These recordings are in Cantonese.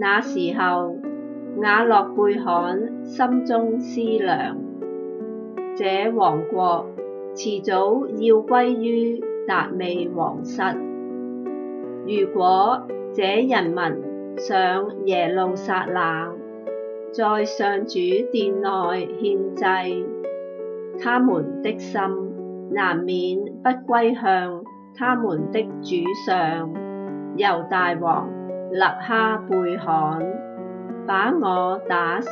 那時候，雅洛貝罕心中思量：這王國遲早要歸於達味王室。如果這人民上耶路撒冷，在上主殿內獻祭，他們的心難免不歸向他們的主上猶大王。勒哈貝罕把我打死，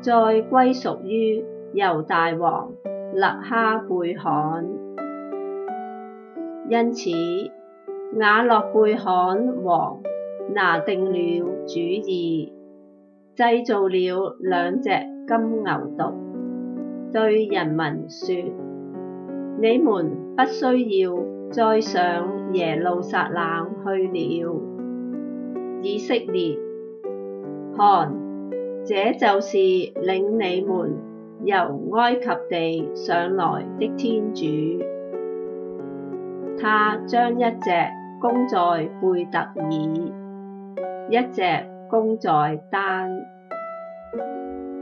再歸屬於猶大王勒哈貝罕。因此，雅洛貝罕王拿定了主意，製造了兩隻金牛犢，對人民說：你們不需要再上耶路撒冷去了。以色列，看，這就是領你們由埃及地上來的天主！他將一隻供在貝特耳，一隻供在丹。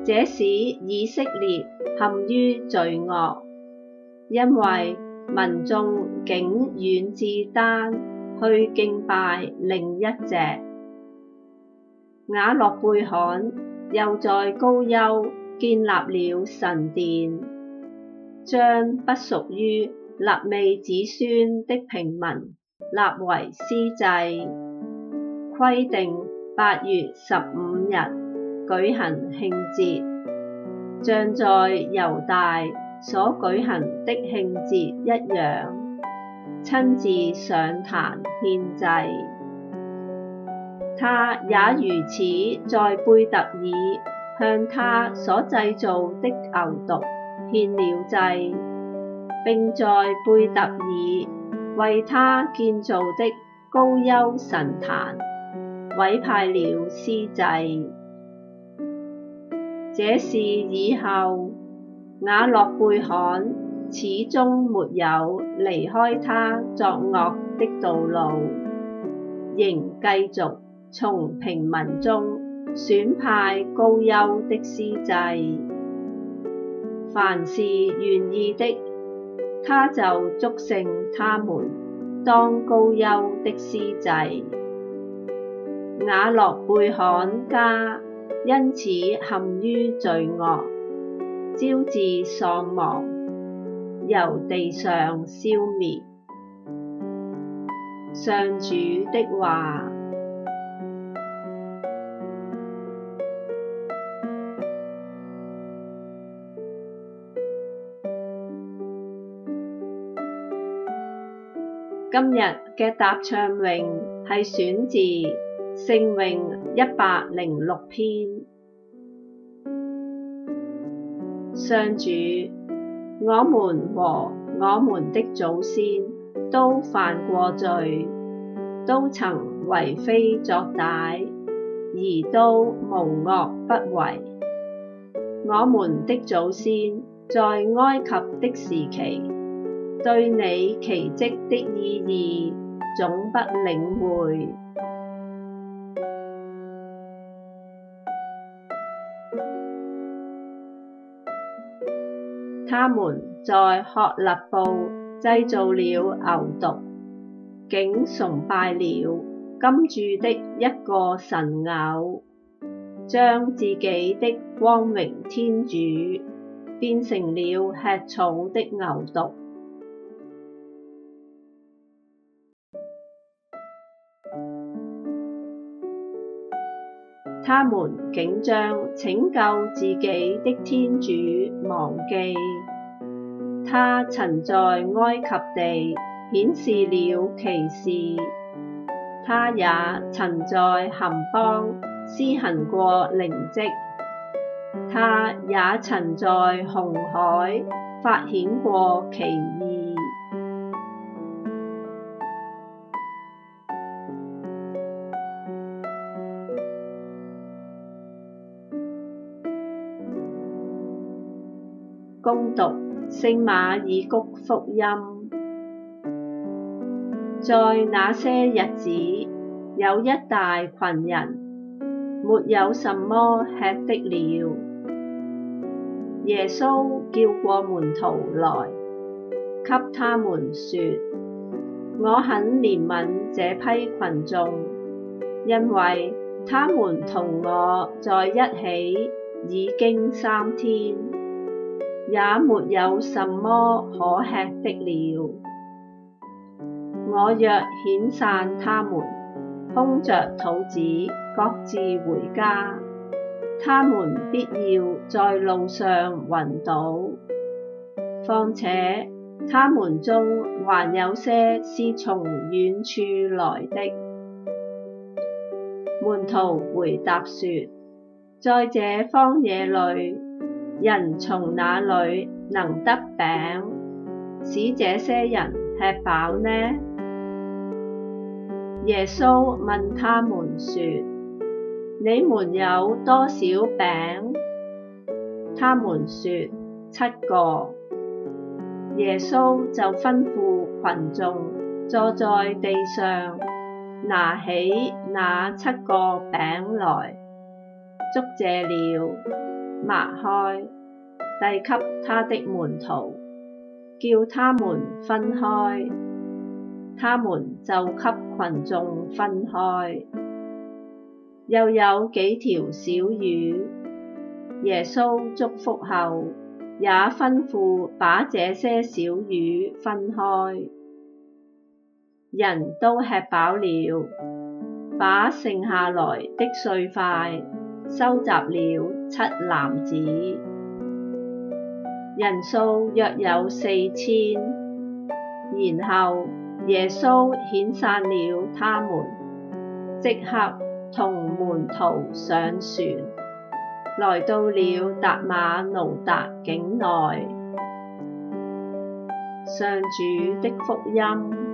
這使以色列陷於罪惡，因為民眾竟遠至丹去敬拜另一隻。雅洛貝罕又在高丘建立了神殿，將不屬於肋未子孫的平民立為司祭，規定八月十五日舉行慶節，像在猶大所舉行的慶節一樣，親自上壇獻祭。他也如此，在貝特耳向他所製造的牛犢獻了祭，並在貝特耳為他建造的高丘神壇，委派了司祭。這事以後，雅洛貝罕始終沒有離開他作惡的道路，仍繼續，從平民中選派高丘的司祭，凡是願意的，他就祝聖他們當高丘的司祭。雅洛貝罕家因此陷於罪惡，招致喪亡，由地上消滅。上主的話。今日嘅答唱詠係選自聖詠一百零六篇。上主，我們和我們的祖先都犯過罪，都曾為非作歹，而都無惡不為。我們的祖先在埃及的時期，對你奇蹟的意義總不領會， 他們在曷勒布製造了牛犢，竟崇拜了金鑄的一個神偶，將自己的光榮天主變成了吃草的牛犢。他們竟將拯救自己的天主忘記，他曾在埃及地顯示了奇事，他也曾在含邦施行過靈跡，他也曾在紅海發顯過奇異。恭讀聖馬爾谷福音，在那些日子，有一大群人沒有什麼吃的了。耶穌叫過門徒來，給他們説：我很憐憫這批群眾，因為他們同我在一起已經三天。也沒有什麼可吃的了。我若遣散他們空着肚子各自回家，他們必要在路上暈倒。況且，他們中還有些是從遠處來的。門徒回答說：在這荒野裏。人從哪裏能得餅，使這些人吃飽呢？耶穌問他們說：你們有多少餅？他們說，七個。耶穌就吩咐群眾坐在地上，拿起那七個餅來，祝謝了。擘開，遞給他的門徒，叫他們分開。他們就給群眾分開。又有幾條小魚，耶穌祝福後，也吩咐把這些小魚分開。人都吃飽了，把剩下來的碎塊，收集了七籃子，人數約有四千，然後耶穌遣散了他們，即刻同門徒上船，來到了達瑪奴達境內。上主的福音。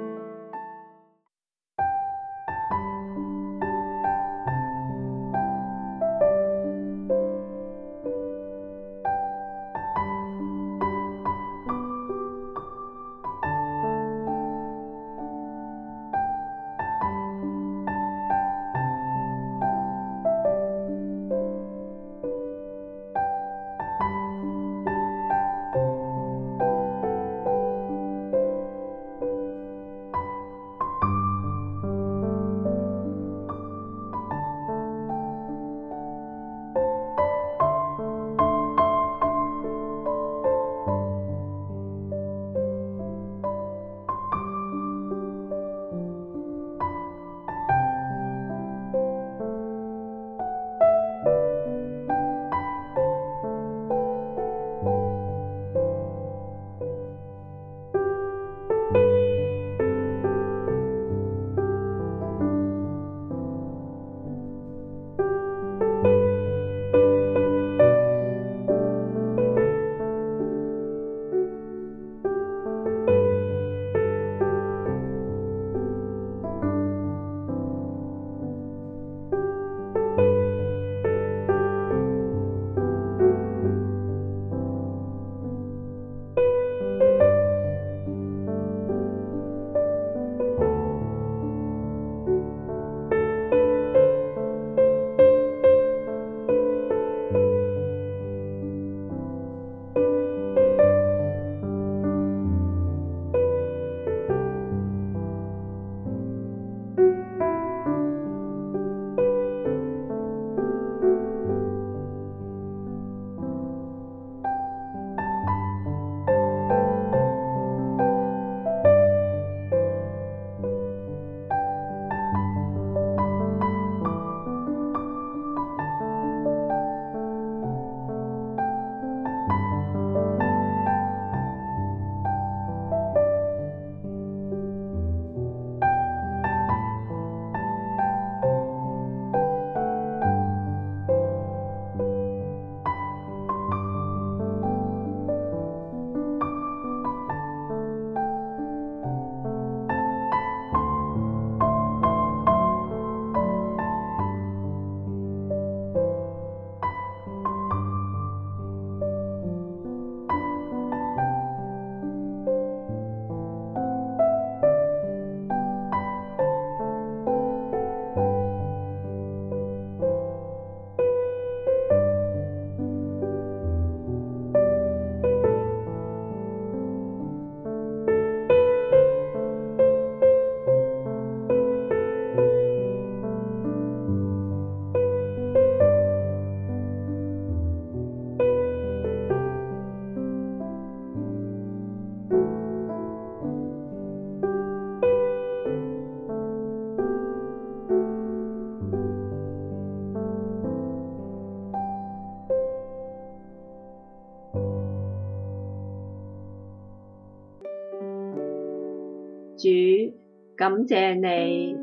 感謝你，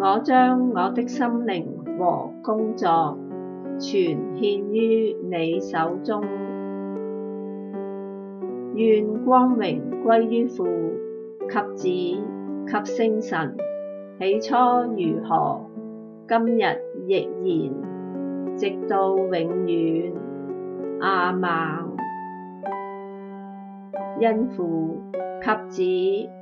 我將我的心靈和工作全獻於你手中，願光榮歸於父及子及聖神，起初如何，今日亦然，直到永遠，阿們，因父及子。